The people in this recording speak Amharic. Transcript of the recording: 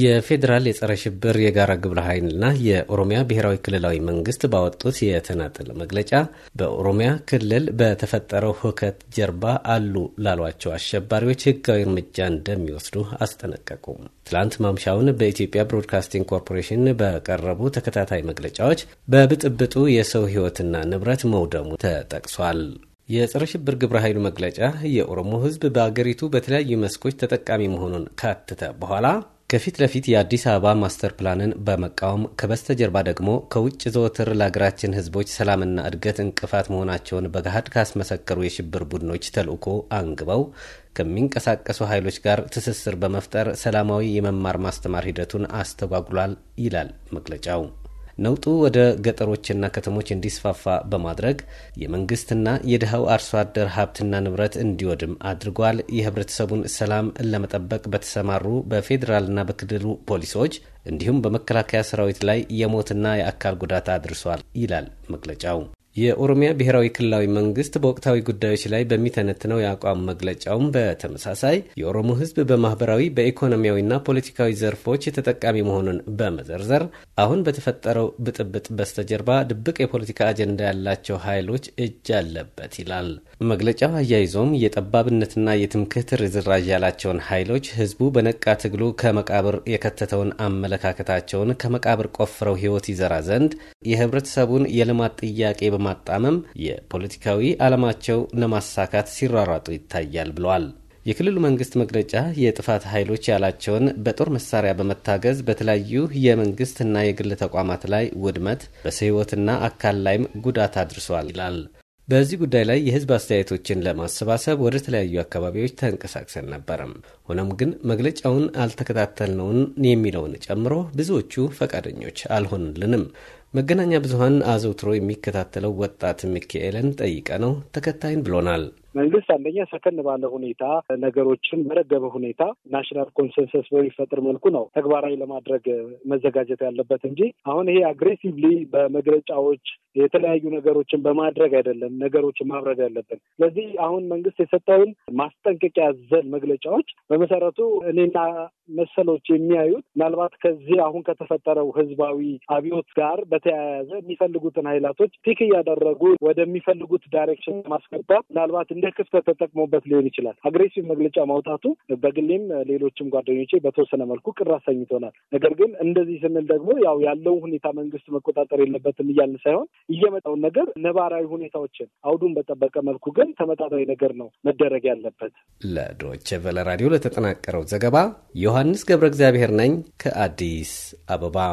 የፌዴራል የጸረ ሽብር የጋራ ግብረ ኃይልና የኦሮሚያ ብሔራዊ ክልላዊ መንግስት ባወጡት የተናጠል መግለጫ በኦሮሚያ ክልል በተፈጠረው ሁከት ጀርባ አሉ ላሏቸው አሸባሪዎች ህጋዊ እርምጃ እንደሚወስዱ አስጠነቀቁ። ትላንት ማምሻውን በኢትዮጵያ ብሮድካስቲንግ ኮርፖሬሽን በቀረቡ ተከታታይ መግለጫዎች በብጥብጡ የሰው ሕይወትና ንብረት መውደሙ ተጠቅሷል። የጸረ ሽብር ግብረ ኃይሉ መግለጫ የኦሮሞ ሕዝብ በአገሪቱ በተለያዩ መስኮች ተጠቃሚ መሆኑን ካተተ በኋላ ከፊት ለፊት የአዲስ አበባ ማስተር ፕላንን በመቃወም ከበስተጀርባ ደግሞ ከውጭ ዘወትር ለሀገራችን ህዝቦች ሰላምና እድገት እንቅፋት መሆናቸውን በገሃድ ካስመሰከሩ የሽብር ቡድኖች ተልእኮ አንግበው ከሚንቀሳቀሱ ኃይሎች ጋር ትስስር በመፍጠር ሰላማዊ የመማር ማስተማር ሂደቱን አስተጓጉሏል ይላል መግለጫው። ነውጡ ወደ ገጠሮችና ከተሞች እንዲስፋፋ በማድረግ የመንግስትና የድሃው አርሶ አደር ሀብትና ንብረት እንዲወድም አድርጓል። የህብረተሰቡን ሰላም ለመጠበቅ በተሰማሩ በፌዴራልና በክልሉ ፖሊሶች እንዲሁም በመከላከያ ሰራዊት ላይ የሞትና የአካል ጉዳት አድርሷል ይላል መግለጫው። የኦሮሚያ ብሔራዊ ክልላዊ መንግስት በወቅታዊ ጉዳዮች ላይ በሚተነትነው የአቋም መግለጫውም በተመሳሳይ የኦሮሞ ህዝብ በማህበራዊ በኢኮኖሚያዊና ፖለቲካዊ ዘርፎች ተጠቃሚ መሆኑን በመዘርዘር አሁን በተፈጠረው ብጥብጥ በስተጀርባ ድብቅ የፖለቲካ አጀንዳ ያላቸው ኃይሎች እጅ አለበት ይላል። መግለጫው አያይዞም የጠባብነትና የትምክህት ርዝራዥ ያላቸውን ኃይሎች ህዝቡ በነቃ ትግሉ ከመቃብር የከተተውን አመለካከታቸውን ከመቃብር ቆፍረው ህይወት ይዘራ ዘንድ የህብረተሰቡን የልማት ጥያቄ በማ ለማጣመም የፖለቲካዊ ዓላማቸው ለማሳካት ሲሯሯጡ ይታያል ብለዋል። የክልሉ መንግስት መግለጫ የጥፋት ኃይሎች ያላቸውን በጦር መሳሪያ በመታገዝ በተለያዩ የመንግስትና የግል ተቋማት ላይ ውድመት በሕይወትና አካል ላይም ጉዳት አድርሷል ይላል። በዚህ ጉዳይ ላይ የህዝብ አስተያየቶችን ለማሰባሰብ ወደ ተለያዩ አካባቢዎች ተንቀሳቅሰን ነበረም። ሆኖም ግን መግለጫውን አልተከታተልነውን የሚለውን ጨምሮ ብዙዎቹ ፈቃደኞች አልሆንልንም። መገናኛ ብዙኃን አዘውትሮ የሚከታተለው ወጣት ሚካኤልን ጠይቀ ነው ተከታይን ብሎናል። መንግስት አንደኛ ሰከን ባለ ሁኔታ ነገሮችን በረገበ ሁኔታ ናሽናል ኮንሰንሰስ በሚፈጥር መልኩ ነው ተግባራዊ ለማድረግ መዘጋጀት ያለበት እንጂ አሁን ይሄ አግሬሲቭሊ በመግለጫዎች የተለያዩ ነገሮችን በማድረግ አይደለም ነገሮችን ማብረድ ያለብን። ስለዚህ አሁን መንግስት የሰጠውን ማስጠንቀቂያ ዘል መግለጫዎች በመሰረቱ እኔና መሰሎች የሚያዩት ምናልባት ከዚህ አሁን ከተፈጠረው ህዝባዊ አብዮት ጋር በተያያዘ የሚፈልጉትን ኃይላቶች ፒክ እያደረጉ ወደሚፈልጉት ዳይሬክሽን ማስገባት ምናልባት እንደ ክፍተት ተጠቅሞበት ሊሆን ይችላል። አግሬሲቭ መግለጫ ማውጣቱ በግሌም ሌሎችም ጓደኞቼ በተወሰነ መልኩ ቅር አሰኝቶናል። ነገር ግን እንደዚህ ስንል ደግሞ ያው ያለው ሁኔታ መንግስት መቆጣጠር የለበትም እያልን ሳይሆን እየመጣውን ነገር ነባራዊ ሁኔታዎችን አውዱን በጠበቀ መልኩ ግን ተመጣጣዊ ነገር ነው መደረግ ያለበት። ለዶች ቬለ ራዲዮ ለተጠናቀረው ዘገባ ዮሐንስ ገብረ እግዚአብሔር ነኝ ከአዲስ አበባ።